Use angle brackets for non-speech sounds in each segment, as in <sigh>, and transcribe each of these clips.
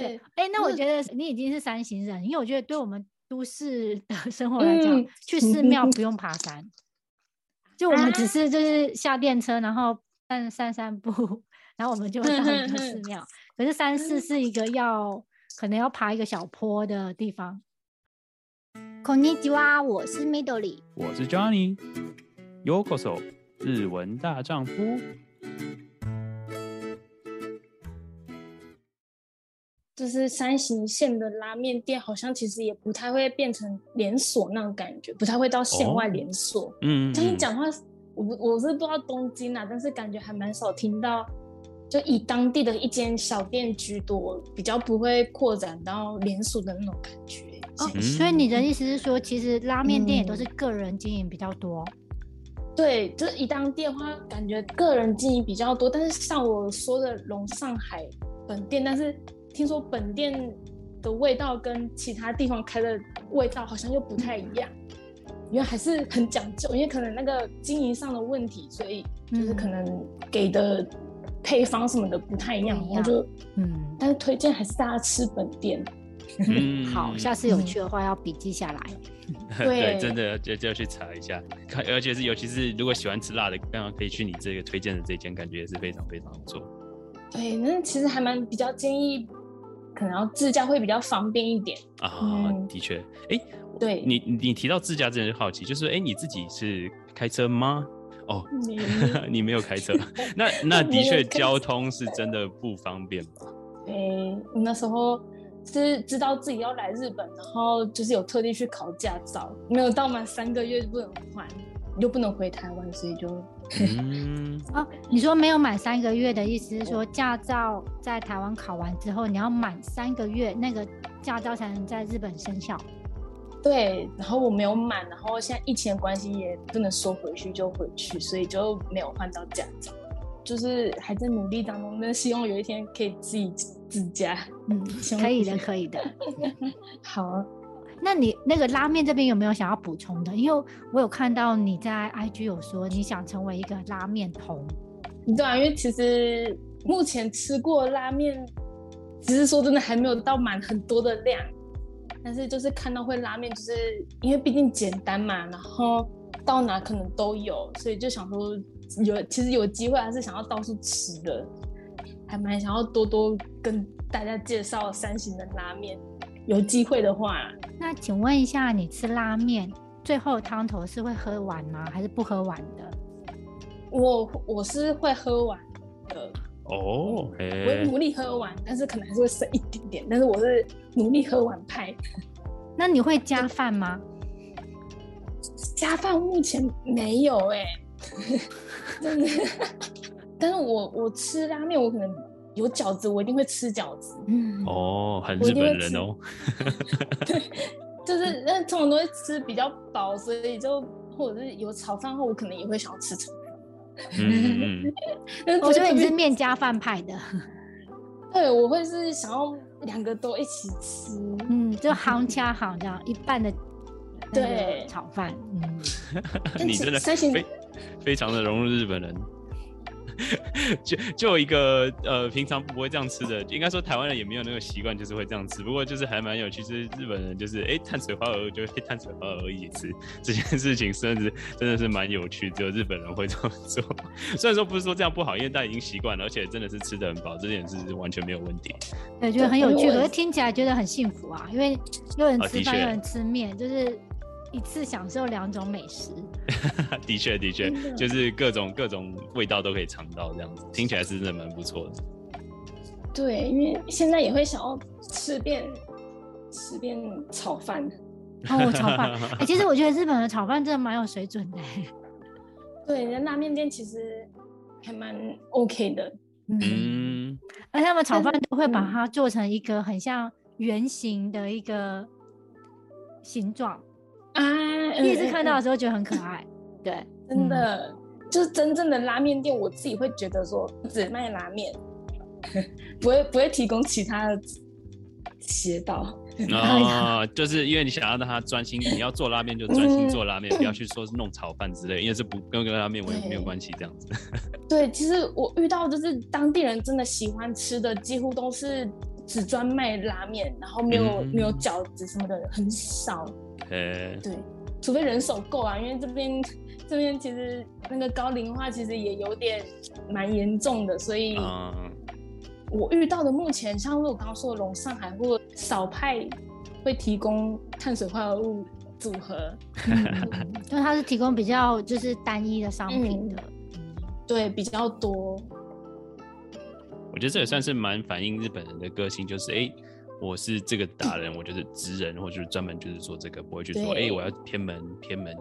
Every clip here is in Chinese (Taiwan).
對，哎，那我覺得你已經是山形人、嗯，因為我覺得對我們都市的生活來講，嗯、去寺廟不用爬山、嗯，就我們只是就是下電車，然後散散步，然後我們就會上一個寺廟。可是山寺是一個要可能要爬一個小坡的地方。Konnichiwa，我是 Midori，我是 Johnny，Yokoso，日文大丈夫。就是山形縣的拉麵店，好像其實也不太會變成連鎖那種感覺，不太會到縣外連鎖。哦、嗯、嗯，像你講話，我我是不知道東京啊，但是感覺還蠻少聽到，就以當地的一間小店居多，比較不會擴展到連鎖的那種感覺。哦，所以你的意思是說，其實拉麵店也都是個人經營比較多？嗯、對，就以當地的話，感覺個人經營比較多。但是像我說的龍上海本店，但是。聽說本店的味道跟其他地方開的味道好像又不太一樣，因為還是很講究，因為可能那個經營上的問題，所以就是可能給的配方什麼的不太一樣，那、嗯、就嗯，但是推薦還是大家吃本店。嗯、 <laughs> 好，下次有趣的話要筆記下來、嗯 <laughs> 對。對，真的要就要去查一下，看，而且是尤其是如果喜歡吃辣的，剛剛可以去你這個推薦的這間，感覺也是非常非常不錯。對，那其實還蠻比較建議。可能要自駕會比較方便一點啊，嗯、的確、欸，對，你你提到自駕，之前就好奇，就是哎、欸，你自己是開車嗎？哦，嗯、 <laughs> 你沒有開車， <laughs> 那那的確交通是真的不方便吧？哎、嗯，那時候是知道自己要來日本，然後就是有特地去考駕照，沒有到滿三個月就不能換。你就不能回台灣，所以就、嗯， <laughs> 哦，你說沒有滿三個月的意思是說駕照在台灣考完之後，你要滿三個月那個駕照才能在日本生效。對，然後我沒有滿，然後現在疫情的關係也不能說回去就回去，所以就沒有換到駕照，就是還在努力當中。那希望有一天可以自己自駕，嗯，可以的，可以的， <laughs> <laughs> 好、哦。那你那個拉麵這邊有沒有想要補充的？因為我有看到你在 IG 有說你想成為一個拉麵頭。對啊，因為其實目前吃過拉麵，只是說真的還沒有到滿很多的量，但是就是看到會拉麵，就是因為畢竟簡單嘛，然後到哪可能都有，所以就想說有其實有機會還是想要到處吃的，還蠻想要多多跟大家介紹山形的拉麵。有機會的話，那請問一下，你吃拉麵最後湯頭是會喝完嗎？還是不喝完的？我我是會喝完的哦，oh, okay. 我努力喝完，但是可能還是會剩一點點，但是我是努力喝完派。那你會加飯嗎？加飯目前沒有哎、欸，但、 <laughs> 就是，但是我我吃拉麵我可能。有餃子，我一定會吃餃子。哦，很日本人哦。 <laughs> 對，就是那通常都會吃比較飽，所以就或者是有炒飯後，我可能也會想要吃炒飯嗯， <laughs> <laughs> 我覺得你是面加飯派的。對，我會是想要兩個， <laughs> 個都一起吃。嗯，就行家行這樣一半的炒飯，對炒飯。嗯， <laughs> 你真的是非常非常的融入日本人。 <laughs> 就就一個呃，平常不會這樣吃的，應該說台灣人也沒有那個習慣，就是會這樣吃。不過就是還蠻有趣，就是日本人就是哎、欸，碳水化合物就會、欸、碳水化合物一起吃這件事情，甚至真的是蠻有趣，只有日本人會這麼做。雖然說不是說這樣不好，因為大家已經習慣了，而且真的是吃的很飽，這點是完全沒有問題。對，覺得很有趣，可是聽起來覺得很幸福啊，因為有人吃飯、哦、有人吃麵，就是。一次享受兩種美食， <laughs> 的確的確，就是各種各種味道都可以嚐到，這樣子聽起來是真的蠻不錯的。對，因為現在也會想要吃遍吃遍炒飯哦，炒飯。哎、欸，其實我覺得日本的炒飯真的蠻有水準的。對，人家拉麵店其實還蠻 OK 的嗯。嗯，而且他們炒飯都會把它做成一個很像圓形的一個形狀。啊！第、嗯、一次看到的時候覺得很可愛，嗯、對，真的、嗯、就是真正的拉麵店。我自己會覺得說，只賣拉麵，不會不會提供其他的邪道。哦、嗯， <laughs> 就是因為你想要讓他專心，你要做拉麵就專心做拉麵、嗯，不要去說是弄炒飯之類，嗯、因為這不跟拉麵我也沒有關係。這樣子。對， <laughs> 對，其實我遇到就是當地人真的喜歡吃的，幾乎都是只專賣拉麵，然後沒有、嗯、沒有餃子什麼的很少。呃，對，除非人手夠啊，因為這邊這邊其實那個高齡化其實也有點蠻嚴重的，所以我遇到的目前，像我剛剛說的龍上海或少派會提供碳水化合物組合，因 <laughs> 為、嗯、他是提供比較就是單一的商品的，嗯、對比較多。我覺得這也算是蠻反映日本人的個性，就是哎。我是這個達人，我就是職人，或就是專門就是做這個，不會去說哎、欸，我要偏門偏門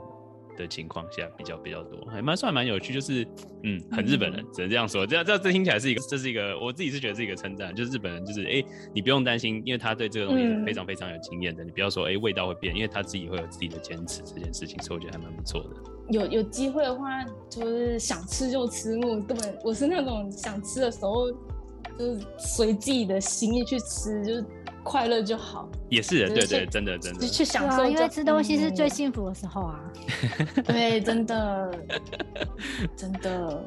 的情況下比較比較多，還蠻算蠻有趣，就是嗯，很日本人， <laughs> 只能這樣說，這樣這樣這聽起來是一個，這是一個我自己是覺得是一個稱讚，就是日本人就是哎、欸，你不用擔心，因為他對這個東西是非常非常有經驗的、嗯，你不要說哎、欸、味道會變，因為他自己會有自己的堅持這件事情，所以我覺得還蠻不錯的。有有機會的話，就是想吃就吃，那我根本我是那種想吃的時候，就是隨自己的心意去吃，就是。快樂就好，也是對，對對，真的真的就去享受，啊，因為吃東西是最幸福的時候啊！嗯、對，真的 <laughs> 真的。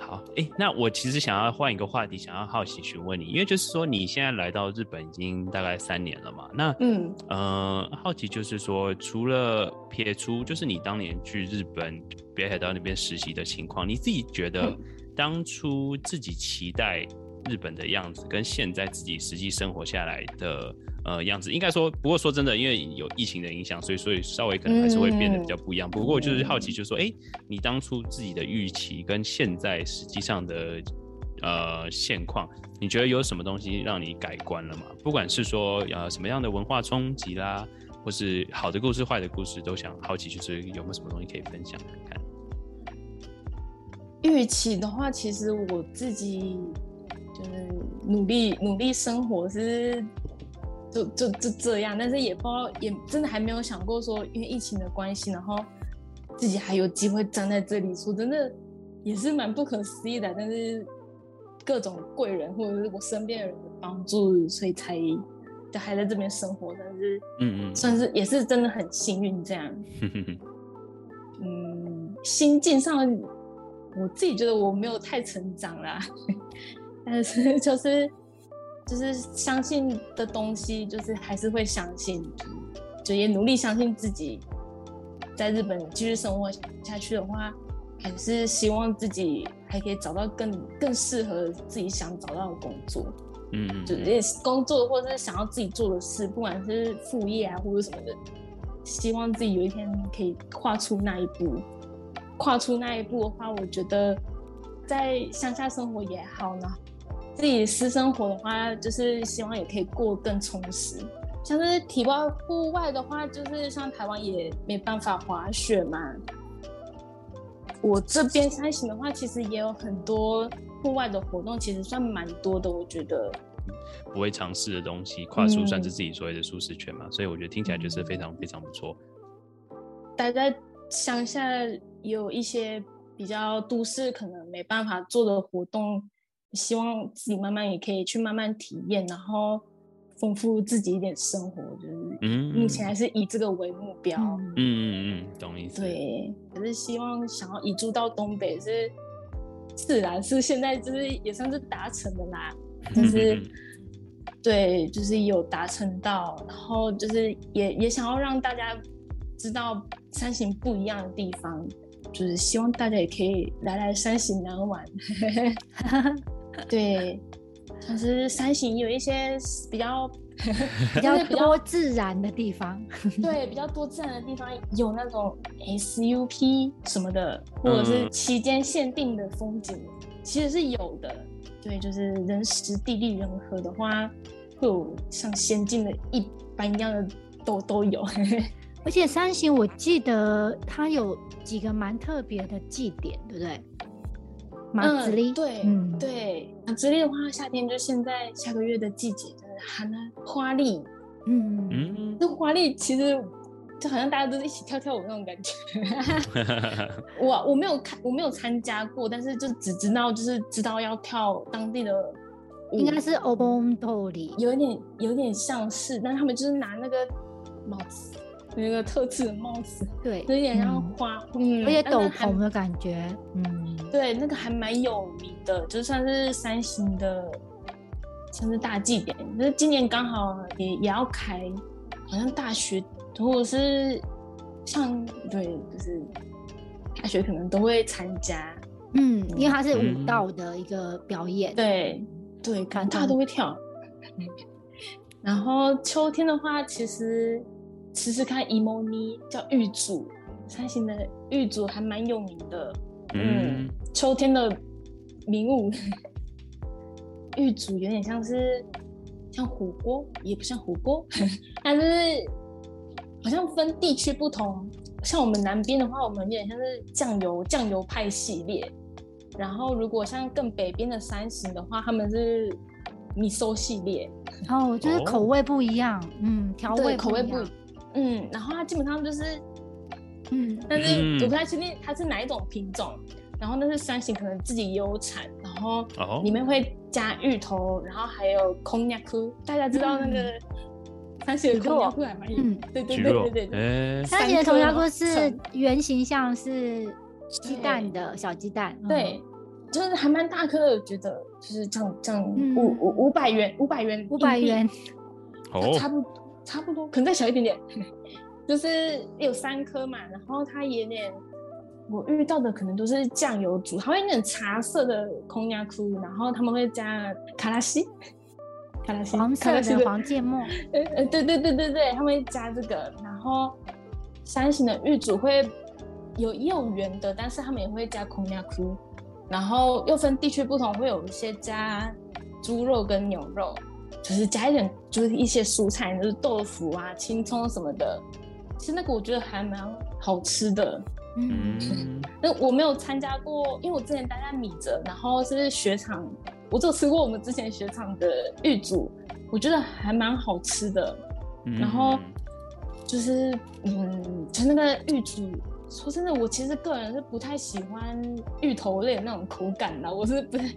好，哎、欸，那我其實想要換一個話題，想要好奇詢問你，因為就是說你現在來到日本已經大概三年了嘛？那嗯呃，好奇就是說，除了撇除就是你當年去日本北海道那邊實習的情況，你自己覺得當初自己期待、嗯？日本的樣子跟現在自己實際生活下來的呃樣子，應該說，不過說真的，因為有疫情的影響，所以所以稍微可能還是會變得比較不一樣。嗯、不過就是好奇，就是說，哎、嗯欸，你當初自己的預期跟現在實際上的呃現況，你覺得有什麼東西讓你改觀了嗎？不管是說呃什麼樣的文化衝擊啦，或是好的故事、壞的故事，都想好奇，就是有沒有什麼東西可以分享看看。預期的話，其實我自己。就是努力努力生活是就，就就就這樣，但是也不知道也真的還沒有想過說，因為疫情的關係，然後自己還有機會站在這裡說，真的也是蠻不可思議的。但是各種貴人或者是我身邊的人的幫助，所以才就還在這邊生活。但是，嗯，算是也是真的很幸運這樣嗯嗯。嗯，心境上，我自己覺得我沒有太成長啦。但是就是就是相信的東西，就是還是會相信，就也努力相信自己，在日本繼續生活下去的話，還是希望自己還可以找到更更適合自己想找到的工作，嗯，就也工作或者是想要自己做的事，不管是副業啊或者什麼的，希望自己有一天可以跨出那一步，跨出那一步的話，我覺得在鄉下生活也好呢。自己私生活的話，就是希望也可以過更充實。像是體外戶外的話，就是像台灣也沒辦法滑雪嘛。我這邊山形的話，其實也有很多戶外的活動，其實算蠻多的。我覺得、嗯、不會嘗試的東西，跨出算是自己所謂的舒適圈嘛、嗯，所以我覺得聽起來就是非常非常不錯。待在鄉下有一些比較都市可能沒辦法做的活動。希望自己慢慢也可以去慢慢體驗，然後豐富自己一點生活，就是目前還是以這個為目標。嗯嗯嗯，懂意思。對，還、嗯嗯嗯嗯嗯、是希望想要移住到東北，是自然是現在就是也算是達成的啦。就是、嗯、對，就是有達成到，然後就是也也想要讓大家知道山形不一樣的地方，就是希望大家也可以來來山形南玩。 <laughs> 對，但是山形有一些比較比較多自然的地方。 <laughs> 對，比較多自然的地方有那種 SUP 什麼的，或者是期間限定的風景，嗯、其實是有的。對，就是人時地利人和的話，會有像仙境的一般一樣的都都有。 <laughs> 而且山形我記得它有幾個蠻特別的祭典，對不對？馬子力，對，對，馬子力的話，夏天就現在下個月的季節，就是喊了花笠，嗯嗯嗯，那花笠其實就好像大家都是一起跳跳舞那種感覺。 <laughs> <laughs> <laughs> 我我沒有看，我沒有參加過，但是就只知道就是知道要跳當地的，應該是 Obon 踊り，有一點有一點像是，但是他們就是拿那個帽子，那個特製的帽子，對，有點像花，嗯，嗯，而且斗篷的感覺，嗯，對，那個還蠻有名的，就算是山形的，像是大祭典，就是今年剛好也也要開，好像大學或者是像對，就是大學可能都會參加，嗯，嗯，因為它是舞蹈的一個表演，對、嗯、對，嗯、對大家都會跳、嗯。然後秋天的話，其實。吃吃看伊摩尼叫芋煮，山形的芋煮還蠻有名的嗯。嗯，秋天的名物芋煮有點像是像火鍋，也不像火鍋， <laughs> 但是好像分地區不同。像我們南邊的話，我們有點像是醬油醬油派系列。然後如果像更北邊的山形的話，他們是味噌系列。哦，就是口味不一樣，哦、嗯，調味不一樣口味不。嗯嗯，然後它基本上就是，嗯，但是我不太確定它是哪一種品種。嗯、然後那是山形，可能自己有產，然後裡面會加芋頭，然後還有空壓菇。大家知道那個山形的空壓菇還蠻有、嗯、對對對對對。山形的空壓菇是圓形，像是雞蛋的小雞蛋，對，就是還蠻大顆的，我覺得就是這樣這樣五，五、嗯、五五百元，五百元，五百元，差不多、哦。差不多，可能再小一點點， <laughs> 就是有三顆嘛。然後它也有點，我遇到的可能都是醬油煮，它會那種茶色的空壓苦然後他們會加卡拉西，卡拉西，黃色的黃芥末。呃，對對對對對，他們會加這個。然後山形的芋煮會有幼有圓的，但是他們也會加空壓苦然後又分地區不同，會有一些加豬肉跟牛肉。就是加一點，就是一些蔬菜，就是豆腐啊、青蔥什麼的。其實那個我覺得還蠻好吃的。嗯，那、嗯就是、我沒有參加過，因為我之前待在米澤，然後是，是雪場，我只有吃過我們之前雪場的芋煮，我覺得還蠻好吃的。嗯、然後就是，嗯，就那個芋煮，說真的，我其實個人是不太喜歡芋頭類的那種口感的、啊，我是不太，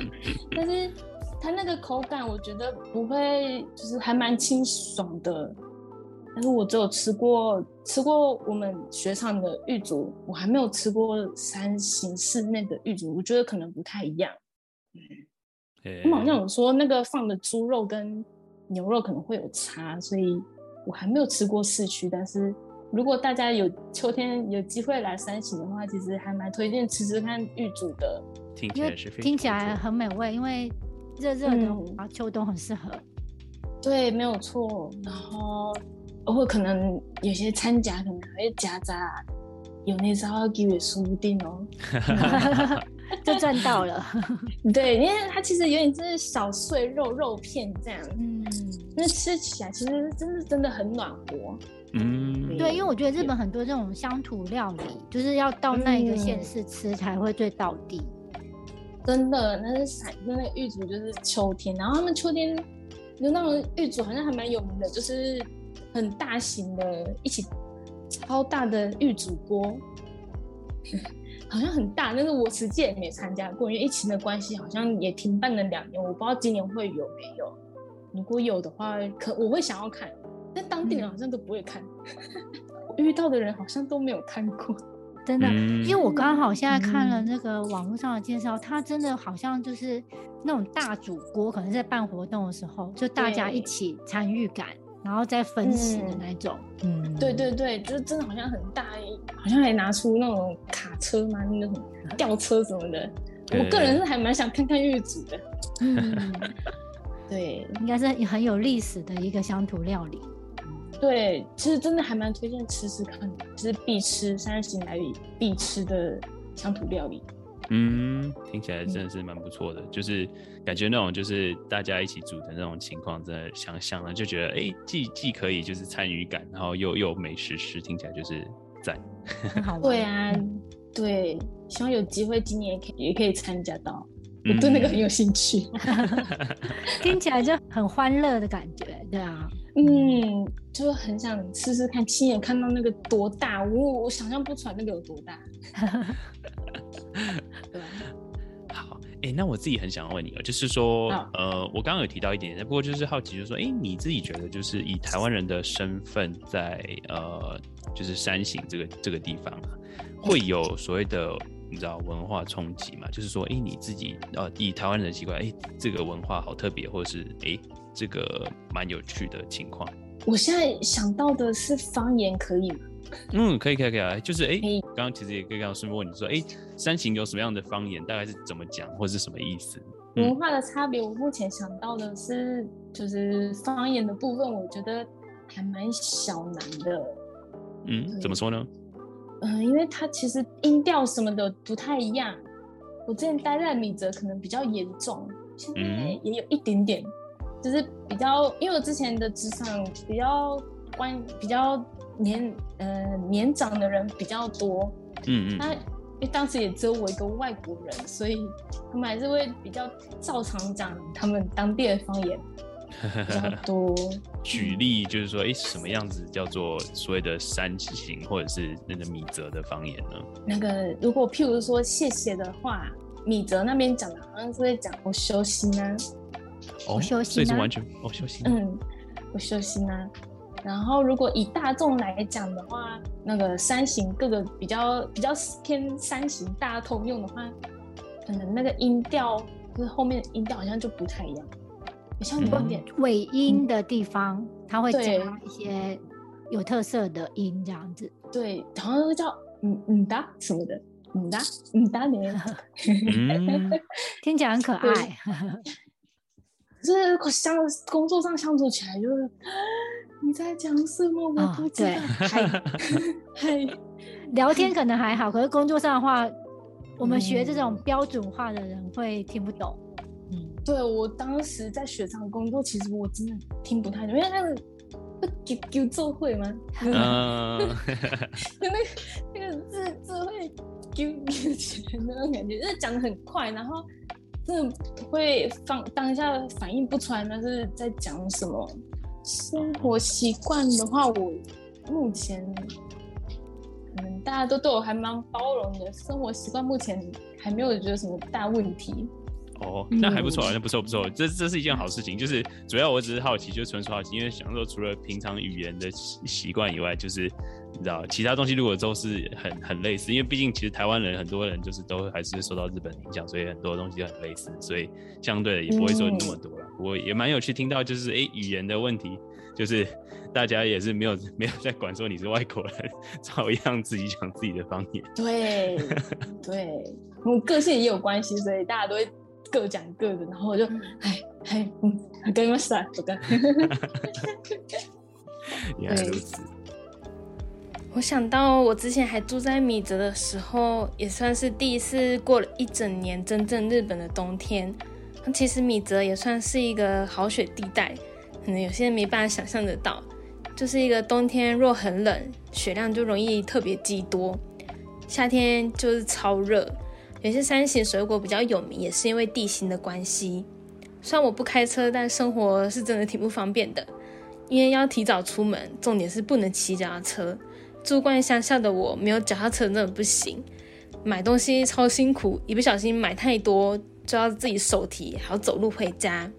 <laughs> 但是。它那個口感，我覺得不會，就是還蠻清爽的。但是我只有吃過吃過我們雪場的芋煮，我還沒有吃過山形市內的芋煮，我覺得可能不太一樣。嗯，他好像有說那個放的豬肉跟牛肉可能會有差，所以我還沒有吃過市區。但是如果大家有秋天有機會來山形的話，其實還蠻推薦吃吃看芋煮的，聽起，聽起來很美味，因為。熱熱的，然、嗯、後秋冬很適合。對，沒有錯、嗯。然後，或、哦、可能有些摻夾，可能還會夾雜有那時候要給我說不定哦，嗯、 <laughs> <laughs> 就賺到了。 <laughs> 對，因為它其實有點就是小碎肉肉片這樣，嗯，那吃起來其實真的真的很暖和。嗯，對嗯，因為我覺得日本很多這種鄉土料理、嗯，就是要到那一個縣市吃才會最到地。真的，那是傘，那個芋煮就是秋天。然後他們秋天就那種芋煮，好像還蠻有名的，就是很大型的，一起超大的芋煮鍋，好像很大。但是我實際也沒參加過，因為疫情的關係，好像也停辦了兩年。我不知道今年會有沒有。如果有的話，可我會想要看。但當地人好像都不會看，我、嗯、 <laughs> 遇到的人好像都沒有看過。真的、嗯，因為我剛好現在看了那個網絡上的介紹，他、嗯、真的好像就是那種大煮鍋，可能在辦活動的時候，就大家一起參與感，然後再分食的那種嗯。嗯，對對對，就是真的好像很大，意，好像還拿出那種卡車嘛，嗯、那種吊車什麼的。對對對，我個人是還蠻想看看芋煮的。對，對，對， <laughs> 對，應該是很有歷史的一個鄉土料理。對，其實真的還蠻推薦吃吃看的，就是必吃山形來裡必吃的鄉土料理。嗯，聽起來真的是蠻不錯的，嗯、就是感覺那種就是大家一起煮的那種情況，真的想想了就覺得，哎，既既可以就是參與感，然後又又美食吃，聽起來就是讚。很好， <laughs> 對啊，對，希望有機會今年也可以也可以參加到、嗯，我對那個很有興趣。 <laughs> 聽起來就很歡樂的感覺，對啊。嗯，就是很想試試看，親眼看到那個多大，我我想象不出來那個有多大。 <laughs> 對，好，哎、欸，那我自己很想問你啊，就是說，呃，我剛剛有提到一點點，不過就是好奇，就是說，哎、欸，你自己覺得，就是以台灣人的身份在呃，就是山形這個這個地方啊，會有所謂的，你知道文化衝擊嗎？就是說，哎、欸，你自己，呃，以台灣人的習慣，哎、欸，這個文化好特別，或者是哎。欸這個蠻有趣的情況。我現在想到的是方言可以，嗯，可以，可以，可以、啊就是，可以，可以，就是哎，剛剛其實也可以跟老師問，你說哎，山形有什麼樣的方言？大概是怎麼講，或是什麼意思？嗯、文化的差別，我目前想到的是，就是方言的部分，我覺得還蠻小難的。嗯，怎麼說呢？嗯、呃，因為它其實音調什麼的不太一樣。我之前待在米澤可能比較嚴重，現在也有一點點。就是比較，因為我之前的職場比較關比較年呃年長的人比較多，嗯嗯，那當時也只有我一個外國人，所以他們還是會比較照常講他們當地的方言比較多。 <laughs> 舉例就是說、嗯，什麼樣子叫做所謂的山形或者是那個米澤的方言呢？那個如果譬如說謝謝的話，米澤那邊講的好像是會講我休息呢。Oh, 哦，休息呢？嗯，我休息呢。然後，如果以大眾來講的話，那個山形，各個比較比較偏山形大家通用的話，可能那個音調就是後面音調好像就不太一樣，比較有點、嗯、尾音的地方、嗯，它會加一些有特色的音這樣子。對，對，好像叫嗯嗯噠什麼的，嗯噠嗯噠點，嗯、 <laughs> 聽起來很可愛。就是像工作上相處起來就，就、啊、是你在講什麼，我不知道。Oh, <laughs> 還還聊天可能還好，可是工作上的話、嗯，我們學這種標準化的人會聽不懂。嗯，對我當時在雪場工作，其實我真的聽不太懂，因為那個丟丟做會嗎？就、 <laughs> oh. <laughs> 那個那個字字會丟起來那種感覺，就是講得很快，然後。是會放當下反應不出來，那是在講什麼？生活習慣的話，我目前，嗯，大家都對我還蠻包容的。生活習慣目前還沒有覺得什麼大問題。哦、oh，，那還不錯，啊嗯，那不錯不錯，這這是一件好事情。就是主要我只是好奇，就純屬好奇，因為想說除了平常語言的習習慣以外，就是你知道，其他東西如果都是很很類似，因為畢竟其實台灣人很多人就是都還是受到日本影響，所以很多東西就很類似，所以相對的也不會說那麼多了，嗯。我也蠻有趣聽到就是哎，欸，語言的問題，就是大家也是沒有沒有在管說你是外國人，照樣自己講自己的方言。對對，嗯，個性也有關係，所以大家都會。各講各的，然後我就哎哎嗯，跟你們閃走，我想到我之前還住在米澤的時候，也算是第一次過了一整年真正日本的冬天。其實米澤也算是一個豪雪地帶，可能有些人沒辦法想象得到，就是一個冬天若很冷，雪量就容易特別積多；夏天就是超熱。有些山形水果比較有名，也是因為地形的關係。雖然我不開車，但生活是真的挺不方便的，因為要提早出門，重點是不能騎腳踏車。住慣鄉下的我，沒有腳踏車真的不行。買東西超辛苦，一不小心買太多就要自己手提，還要走路回家。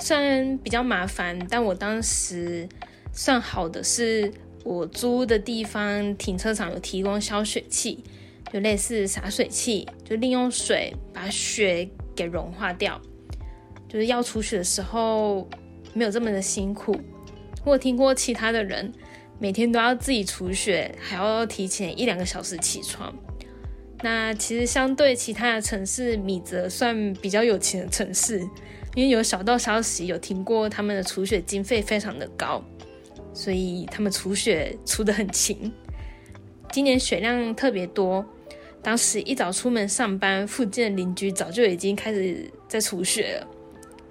雖然比較麻煩，但我當時算好的是我租的地方停車場有提供消雪器。就類似灑水器，就利用水把雪給融化掉，就是要除雪的時候沒有這麼的辛苦。我聽過其他的人每天都要自己除雪，還要提前一兩個小時起床。那其實相對其他的城市，米澤算比較有錢的城市，因為有小道消息有聽過他們的除雪經費非常的高，所以他們除雪除得很勤。今年雪量特別多。當時一早出門上班，附近的鄰居早就已經開始在除雪了，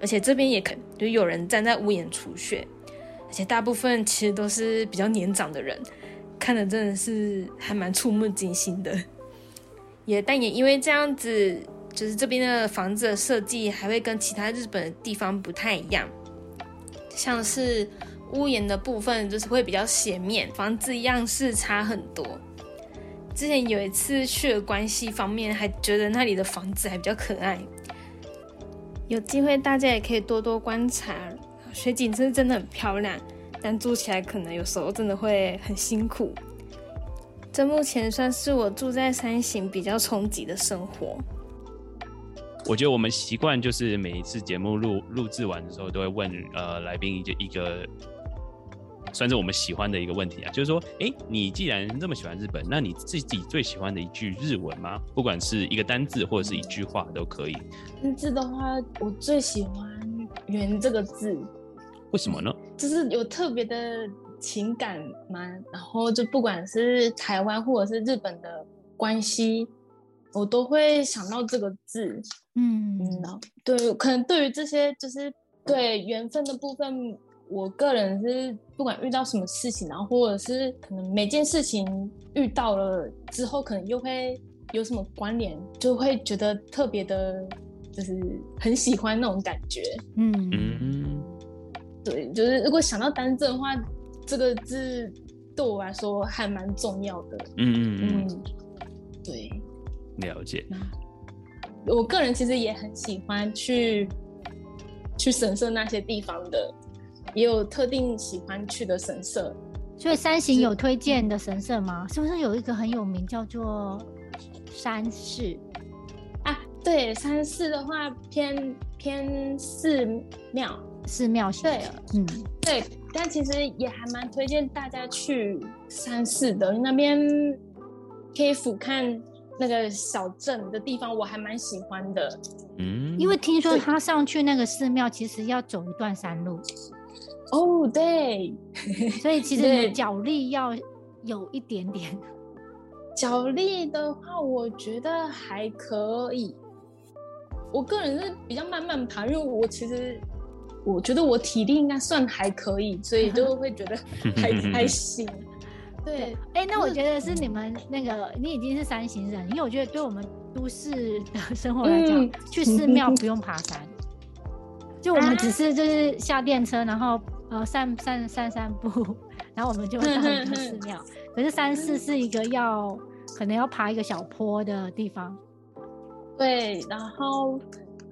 而且這邊也可就有人站在屋檐除雪，而且大部分其實都是比較年長的人，看得真的是還蠻觸目驚心的。也，但也因為這樣子，就是這邊的房子的設計還會跟其他日本的地方不太一樣，像是屋檐的部分就是會比較斜面，房子樣式差很多。之前有一次去了關係方面，還覺得那裡的房子還比較可愛。有機會大家也可以多多觀察，雪景是真的很漂亮，但住起來可能有時候真的會很辛苦。這目前算是我住在山形比較憧憬的生活。我覺得我們習慣就是每一次節目錄錄製完的時候，都會問呃來賓一個一個，一個算是我們喜歡的一個問題啊，就是說，哎、欸，你既然這麼喜歡日本，那你自己最喜歡的一句日文嗎？不管是一個單字或者是一句話都可以。單字的話，我最喜歡“緣”這個字。為什麼呢？就是有特別的情感嗎？然後就不管是台灣或者是日本的關係，我都會想到這個字。嗯，對，可能對於這些，就是對緣分的部分。我個人是不管遇到什麼事情，啊，然後或者是可能每件事情遇到了之後，可能又會有什麼關聯，就會覺得特別的，就是很喜歡那種感覺。嗯嗯對，就是如果想到單正的話這個字，對我來說還蠻重要的。嗯嗯嗯，嗯，對，了解。我個人其實也很喜歡去去神社那些地方的。也有特定喜歡去的神社，所以山形有推薦的神社嗎？是，嗯，是不是有一個很有名叫做山寺？啊，對，山寺的話偏偏寺廟，寺廟。對，嗯，對，但其實也還蠻推薦大家去山寺的，那邊可以俯瞰那個小鎮的地方，我還蠻喜歡的。嗯，因為聽說他上去那個寺廟，其實要走一段山路。哦、oh，，對， <laughs> 所以其實腳力要有一點點。腳力的話，我覺得還可以。我個人是比較慢慢爬入，因為我其實我覺得我體力應該算還可以，所以就會覺得還、 <laughs> 嗯、還行。對，哎、嗯，那我覺得是你們那個、嗯、你已經是三行人，因為我覺得對我們都市的生活來講，嗯、去寺廟不用爬山。嗯就我們只是就是下電車，啊、然後呃散散散散步，然後我們就到了一個寺廟。可是山寺是一個要可能要爬一個小坡的地方。對，然後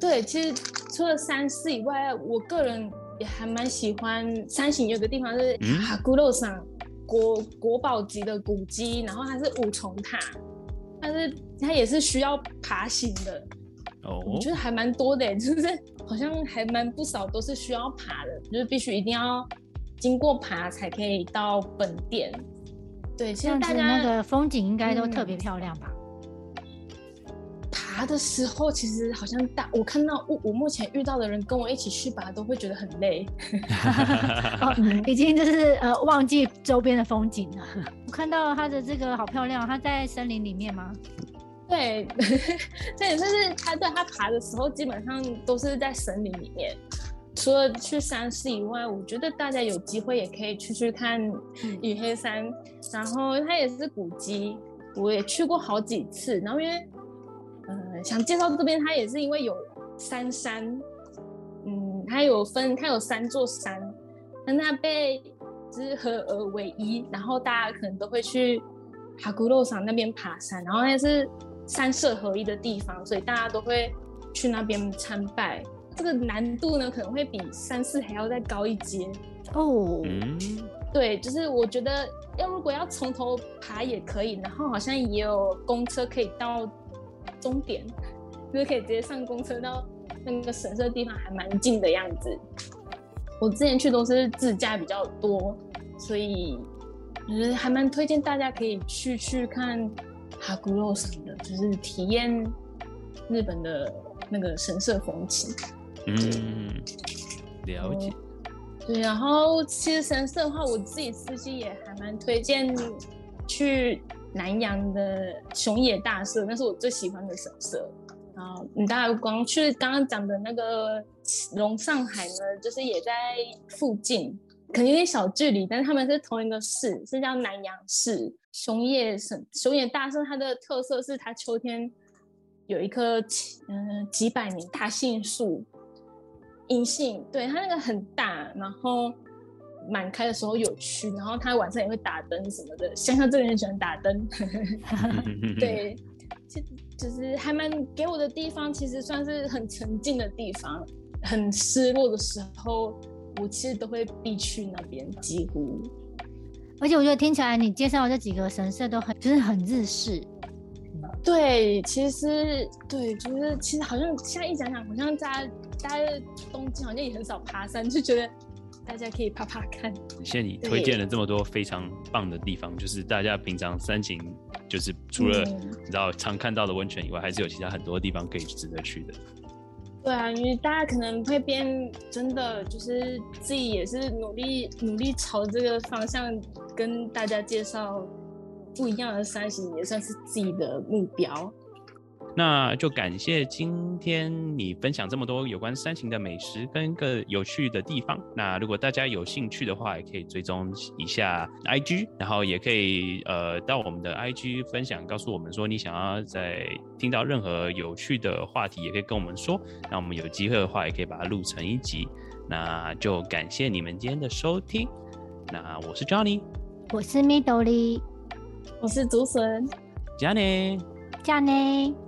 對，其實除了山寺以外，我個人也還蠻喜歡山形有個地方是啊、嗯，羽黑山國國寶級的古蹟，然後它是五重塔，但是它也是需要爬行的。Oh? 我覺得還蠻多的，就是好像還蠻不少，都是需要爬的，就是必須一定要經過爬才可以到本殿。對，現在大家那個風景應該都特別漂亮吧？爬的時候其實好像大，我看到我我目前遇到的人跟我一起去爬都會覺得很累， <laughs> <laughs> 哦、已經就是呃忘記周邊的風景了。我看到他的這個好漂亮，他在森林裡面嗎？對呵呵，對，就是他對他爬的時候，基本上都是在森林裡、裡面，除了去山寺以外，我覺得大家有機會也可以去去看羽黑山，嗯、然後它也是古蹟，我也去過好幾次。然後因為，呃、想介紹這邊，它也是因為有三山，嗯，它有分，它有三座山，但它被就是合而為一，然後大家可能都會去哈古路山那邊爬山，然後但是。三社合一的地方，所以大家都會去那邊參拜。這個難度呢，可能會比三色還要再高一階。哦、嗯，對，就是我覺得要如果要從頭爬也可以，然後好像也有公車可以到終點，就是可以直接上公車到那個神社地方，還蠻近的樣子。我之前去都是自駕比較多，所以還蠻推薦大家可以去去看。阿肉什麼的，就是體驗日本的那個神社風情。嗯，了解。嗯、對，然後其實神社的話，我自己私心也還蠻推薦去南陽的熊野大社，那是我最喜歡的神社。啊，你、嗯、當然光去剛剛講的那個龍上海呢，就是也在附近。可能有點小距離，但是他們是同一個市，是叫南陽市。熊野熊野大聖，它的特色是它秋天有一棵，嗯、呃、幾百年大杏樹，銀杏，對，它那個很大，然後滿開的時候有趣，然後它晚上也會打燈什麼的，鄉下這個人喜歡打燈。對，其實就是還蠻給我的地方，其實算是很沉靜的地方，很失落的時候，我其實都會必去那邊，幾乎。而且我覺得聽起來，你介紹的這幾個神社都很，就是很日式。對，其實對，就是其實好像現在一想想，好像大家大家東京好像也很少爬山，就覺得大家可以爬爬看。現在你推薦了這麼多非常棒的地方，就是大家平常山景，就是除了你知道常看到的溫泉以外，嗯，還是有其他很多地方可以值得去的。對啊，因為大家可能會變，真的就是自己也是努力努力朝這個方向跟大家介紹不一樣的山形，也算是自己的目標。那就感謝今天你分享這麼多有關山形的美食跟個有趣的地方。那如果大家有興趣的話，也可以追蹤一下 IG，然後也可以呃到我們的 IG 分享，告訴我們說你想要再聽到任何有趣的話題，也可以跟我們說，那我們有機會的話也可以把它錄成一集。那就感謝你們今天的收聽。那我是 Johnny，我是 Midori，我是竹筍，Johnny，Johnny。Janne Janne